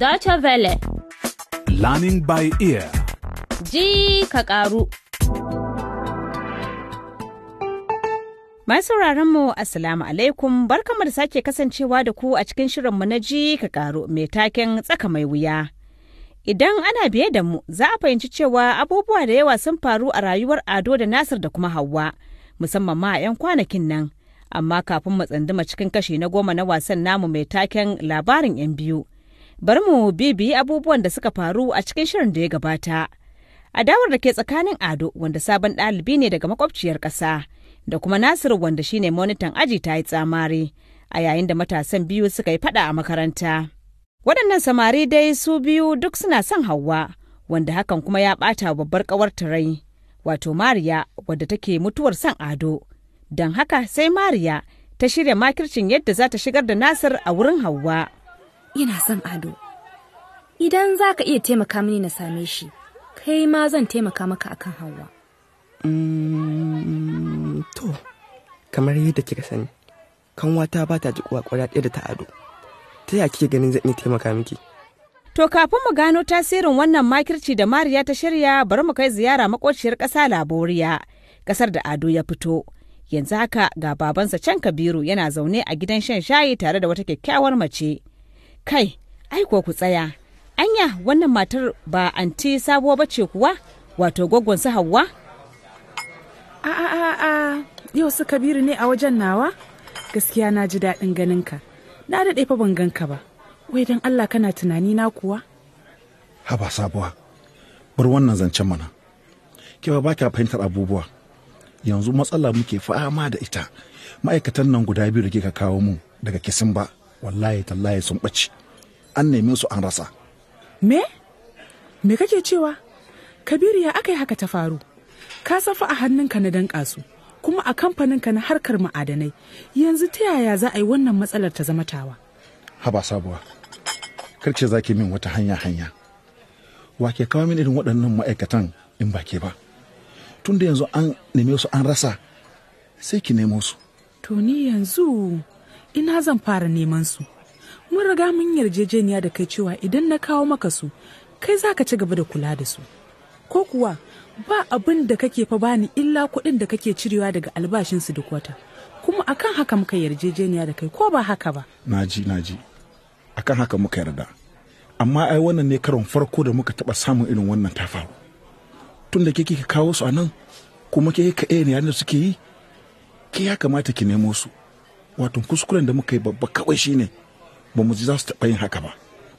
Dacha Vele. Learning by ear. Ji ka karu. Masu mu Assalamu alaikum barkamu da sake kasancewa da ku a cikin shirinmu na ji ka karu mai taken tsaka mai wuya. Idan ana biye da mu za a fahimci cewa abubuwa da yawa sun faru a rayuwar Ado da Nasir da kuma Hauwa, musamman ma a 'yan kwanakin nan. Amma kafin mu tsanduma cikin kashi na goma na wasan namu mai taken labarin 'yan biyu. bari mu bibiyi abubuwan da suka faru a cikin shirin da ya gabata. Adawar da ke tsakanin Ado wanda sabon ɗalibi ne daga makwabciyar ƙasa da kuma Nasiru wanda shine monitan aji ta yi tsamari a yayin da matasan biyu suka yi faɗa a makaranta. Waɗannan samari dai su biyu duk suna son Hauwa wanda hakan kuma ya ɓata babbar ƙawar rai wato Mariya wadda take mutuwar son Ado. Don haka sai Mariya ta shirya makircin yadda za ta shigar da Nasir a wurin Hauwa. Ina son ado. Idan za ka iya taimaka mini na same shi, kai ma zan taimaka maka akan hawa. Mm, to, kamar yadda kika sani, kanwata ba ta kuwa kwara ɗaya da ta ado. Ta ya kike ganin zan iya taimaka miki? To kafin mu gano tasirin wannan makirci da Mariya ta shirya bari mu kai ziyara makociyar ƙasa Laboriya, ƙasar da Ado ya fito. Yanzu haka ga babansa can Kabiru yana zaune a gidan shan shayi tare da wata kyakkyawar mace. kai ai kuwa ku tsaya anya wannan matar ba anti sabuwa ba ce kuwa wato gwaggon su hawa a a a yau su kabiru ne a wajen nawa gaskiya na ji daɗin ganin ka, na daɗe fa ban ganka ba wai don allah kana tunani na kuwa haba sabuwa bar wannan zancen mana ke ba kya fahimtar abubuwa yanzu matsala muke fama da ita ma'aikatan nan guda biyu da ka kawo mu daga kisin ba wallahi tallahi sun ɓace an neme su an rasa me me kake cewa kabiru ya aka haka ta faru ka safa a hannunka na dan su kuma a kamfaninka na harkar ma'adanai yanzu ta yaya za a yi wannan matsalar ta zama tawa haba sabuwa karce za ki min wata hanya hanya wa ke kawo min irin waɗannan ma'aikatan in ba ke ba tun yanzu an neme su an rasa sai ki nemo su to ni yanzu ina zan fara neman su mun riga mun yarjejeniya da kai cewa idan na kawo maka su kai za ka ci gaba da kula da su ko kuwa ba abin da kake fa bani illa kuɗin da kake cirewa daga albashin su duk wata kuma akan haka muka yarjejeniya da kai ko ba haka ba naji naji akan haka muka yarda amma ai wannan ne karon farko da muka taba samun irin wannan ta faru tun da kike kawo su a nan kuma ke ka ne da suke yi ke ya kamata ki nemo su wato kuskuren da muka yi babba kawai shine ba mu ji za su taɓa yin haka ba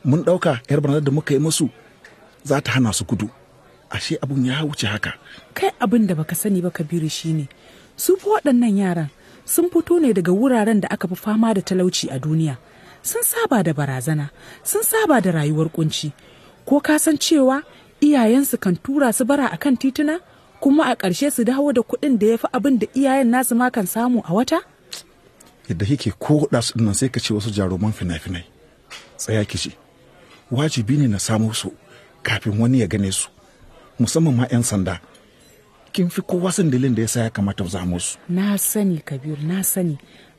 mun ɗauka yar barnar da muka yi musu za ta hana su gudu ashe abun ya wuce haka kai abin da baka sani ba kabiru shine su fa waɗannan yaran sun fito ne daga wuraren da aka fi fama da talauci a duniya sun saba da barazana sun saba da rayuwar kunci ko ka san cewa iyayensu kan tura su bara akan tituna kuma a ƙarshe su dawo da kuɗin da ya fi abin da iyayen nasu ma kan samu a wata yadda kike ko da su nan sai ka ce wasu jaruman fina-finai tsaya ki ce wajibi ne na samu su kafin wani ya gane su musamman ma 'yan sanda kin fi kowa san dalilin da ya sa ya kamata mu su na sani kabir na sani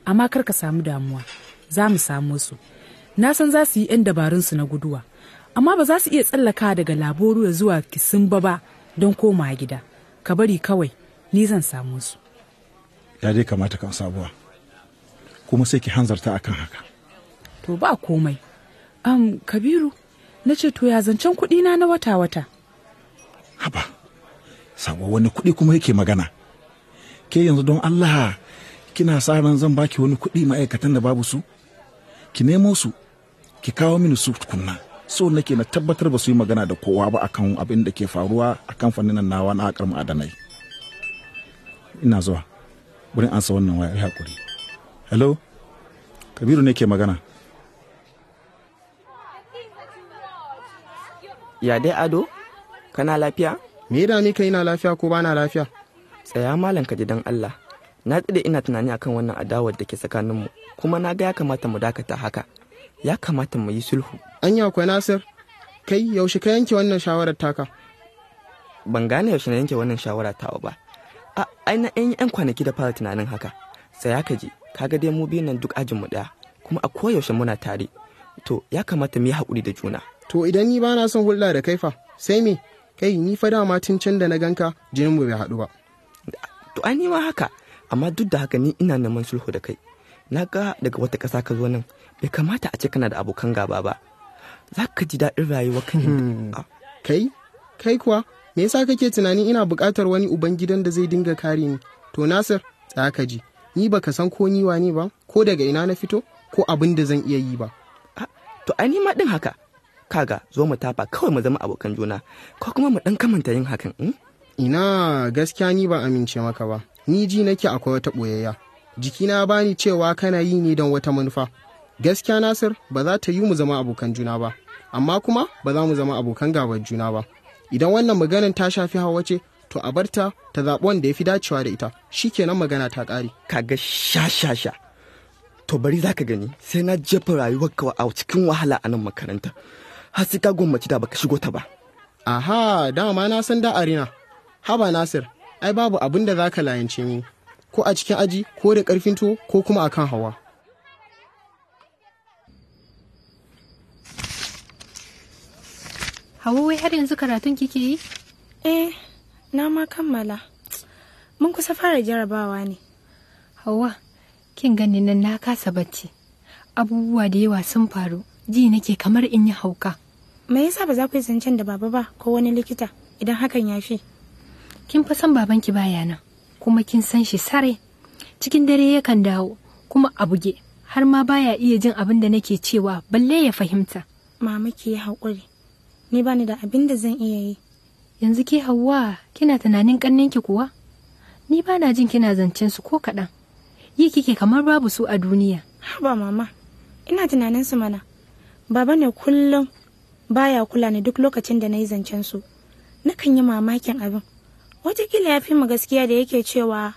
amma kar ka samu damuwa za mu samu su na san za su yi 'yan dabarun su na guduwa amma ba za su iya tsallaka daga laboruwa zuwa kisimba ba don koma gida ka bari kawai ni zan samu su ya dai kamata kan sabuwa kuma sai ki hanzarta akan haka to ba komai am kabiru na ce to ya zancen kuɗina na wata-wata haba sabo wani kuɗi kuma yake magana ke yanzu don allah kina sa ran zan baki wani kuɗi ma'aikatan da babu su ki nemo su ki kawo mini su tukunna so nake na tabbatar ba su yi magana da kowa ba akan abin da ke faruwa a kamfanin nan nawa na akar ma'adanai ina zuwa wurin ansa wannan ya hakuri hello kabiru ne ke magana ya dai ado kana lafiya me da ni kai na lafiya ko ba na lafiya tsaya malam ka ji dan allah na tsida ina tunani akan wannan adawar da ke tsakaninmu kuma na ga ya kamata mu dakata haka ya kamata mu yi sulhu An yi akwai nasir kai yaushe ka yanke wannan shawarar taka ban gane yaushe na yanke wannan shawara tawa ba a ai na yan kwanaki da fara tunanin haka tsaya ka je kaga dai mu biyun nan duk ajin mu ɗaya kuma a koyaushe muna tare to ya kamata mu yi haƙuri da juna to idan ni bana son hulɗa da kai fa sai me kai ni fa dama tun can da na ganka jinin mu bai haɗu ba to an ma haka amma duk da haka ni ina neman sulhu da kai na ga daga wata ƙasa ka zo nan bai kamata a ce kana da abokan gaba ba za ka ji daɗin rayuwa kan hmm. kai kai kuwa me yasa kake tunanin ina buƙatar wani ubangidan da zai dinga kare ni to nasir za ka ji ni baka san ko ni ne ba ko daga ina na fito ko abin da zan iya yi ba to ai ma din haka kaga zo mu tafa kawai mu zama abokan juna ko kuma mu dan kamanta yin hakan hmm? ina gaskiya ni ba amince maka ba ni ji nake akwai wata boyayya jikina bani cewa kana yi ne don wata manufa gaskiya nasir ba za ta yi mu zama abokan juna ba amma kuma ba za mu zama abokan gabar juna ba idan wannan maganar ta shafi hawa ce to a barta ta zaɓi wanda ya fi dacewa da ita shi kenan magana ta ƙare kaga sha sha sha to bari za ka gani sai na jefa rayuwar kawa a cikin wahala a nan makaranta har sai ka gwammaci da baka shigo ta ba aha dama na san da arina haba nasir ai babu abin da za ka layance mu ko a cikin aji ko da karfin tuwo ko kuma akan hawa hawa wai har yanzu karatun kike yi eh na ma kammala mun kusa fara jarabawa ne hawa kin gani nan na kasa bacci abubuwa da yawa sun faru ji nake kamar in yi hauka me yasa ba za ku yi zancen da baba ba ko wani likita idan hakan ya fi kin fa san babanki baya nan kuma kin san shi sare cikin dare yakan dawo kuma a buge har ma baya iya jin abin da nake cewa balle ya fahimta mamaki ki yi haƙuri ni bani da abin da zan iya yi yanzu ke hawa kina tunanin ki kuwa ni ba na jin kina zancen su ko kaɗan yi kike kamar babu su a duniya ba mama ina tunanin su mana baba ne kullum baya kula ni duk lokacin da na yi zancen su nakan yi mamakin abin wataƙila ya fi mu gaskiya da yake cewa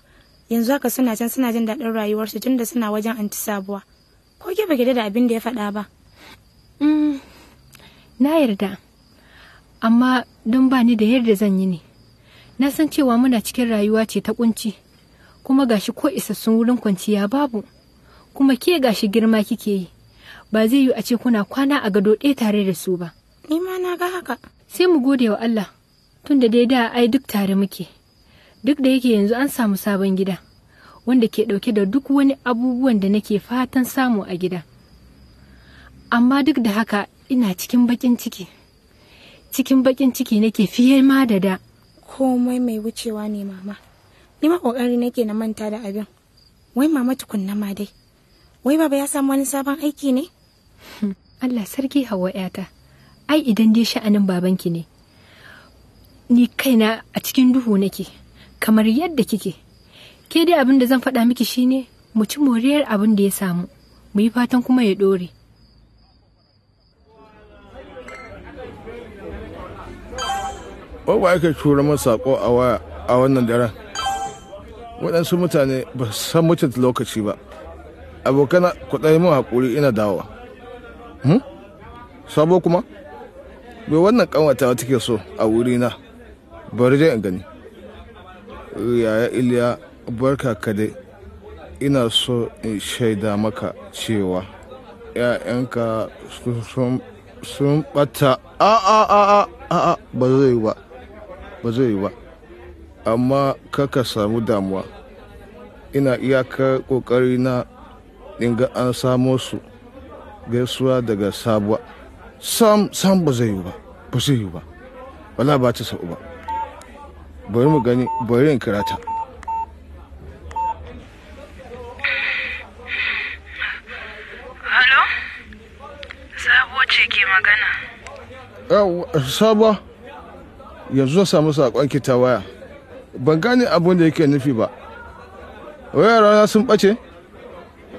yanzu haka suna can suna jin daɗin rayuwarsu tun da suna wajen anti sabuwa ko ke ba da abin da ya faɗa ba mm, na yarda amma don ba ni da yadda zan yi ne na san cewa muna cikin rayuwa ce ta kunci kuma gashi ko isassun wurin kwanciya babu kuma ke gashi girma kike yi ba zai yi a ce kuna kwana a gado ɗaya tare da su ba ni ma na ga haka sai mu gode wa Allah tun da dai da ai duk tare muke duk da yake yanzu an samu sabon gida wanda ke ɗauke da duk wani abubuwan da nake fatan samu a gida amma duk da haka ina cikin baƙin ciki cikin bakin ciki nake fiye ma da da komai mai wucewa ne mama ni ma kokari nake na manta da abin wai mama tukunna ma dai wai baba ya samu wani sabon aiki ne hmm, Allah sarki hawa yata ai idan dai sha'anin babanki ne ni kaina a cikin duhu nake kamar yadda kike ke dai abin da zan faɗa miki shine mu ci moriyar abin da ya samu mu yi fatan kuma ya ɗore wa aka tura masa sako a wannan daren waɗansu mutane ba su san mutunta lokaci ba abokana ku ɗaya mun haƙuri ina dawowa hmm? sabo kuma bai wannan ƙanwata take so a wurina bari dai in gani yaya iliya barka ka dai ina so in shaida maka cewa ‘ya'yanka sun ɓata a a a a ba zai ba ba zai yi ba amma kaka samu damuwa ina iyakar kokari na inga an samo su gaisuwa daga sabuwa sam sam ba zai yi ba ba zai yi ba wala ba ta sa'u ba bari mu gani bari in kira ta sabuwa ce ke magana sabuwa yanzu na samu saƙonki ta waya ban gane abin da yake nufi ba wayar rana sun ɓace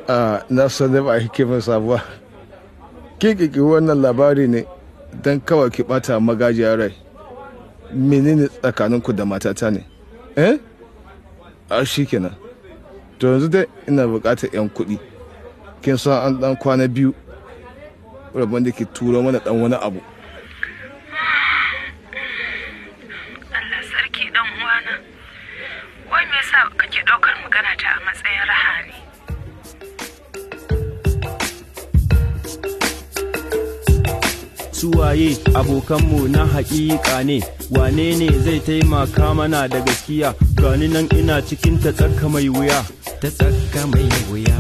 a na sanar ba a min sabuwa kikiki wannan labari ne don kawai ki ɓata magajiya rai menene tsakaninku da matata ne eh a shi kenan to yanzu dai ina buƙatar 'yan kuɗi kin san an ɗan kwana biyu rabon da ke turo mana ɗan wani abu suwaye abokanmu na haƙiƙa ne wane ne zai taimaka mana da gaskiya gani nan ina cikin ta tsaka mai wuya ta tsaka mai wuya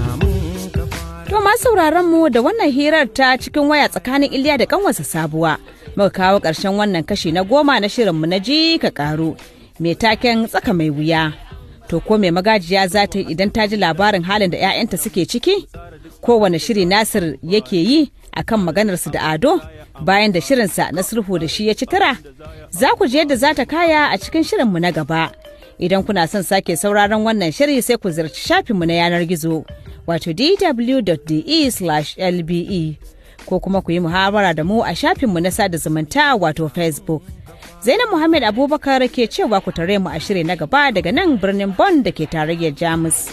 To ma sauraron mu da wannan hirar ta cikin waya tsakanin Iliya da kanwarsa sabuwa muka kawo ƙarshen wannan kashi na goma na shirin mu na ji ka ƙaru me taken tsaka mai wuya to ko mai magajiya za ta yi idan ta ji labarin halin da 'ya'yanta suke ciki kowane shiri nasir yake yi akan maganarsu da ado bayan da shirinsa na sulhu da shi ya ci tara za ku je yadda za ta kaya a cikin shirinmu na gaba idan kuna son sake sauraron wannan shiri sai ku ziyarci shafinmu na yanar gizo wato dw.de/lbe e, ko kuma ku yi muhawara da mu a shafinmu na sada zumunta wato facebook zainab muhammad abubakar ke cewa ku tare mu a shiri na gaba daga nan birnin Bon da ke tarayyar jamus.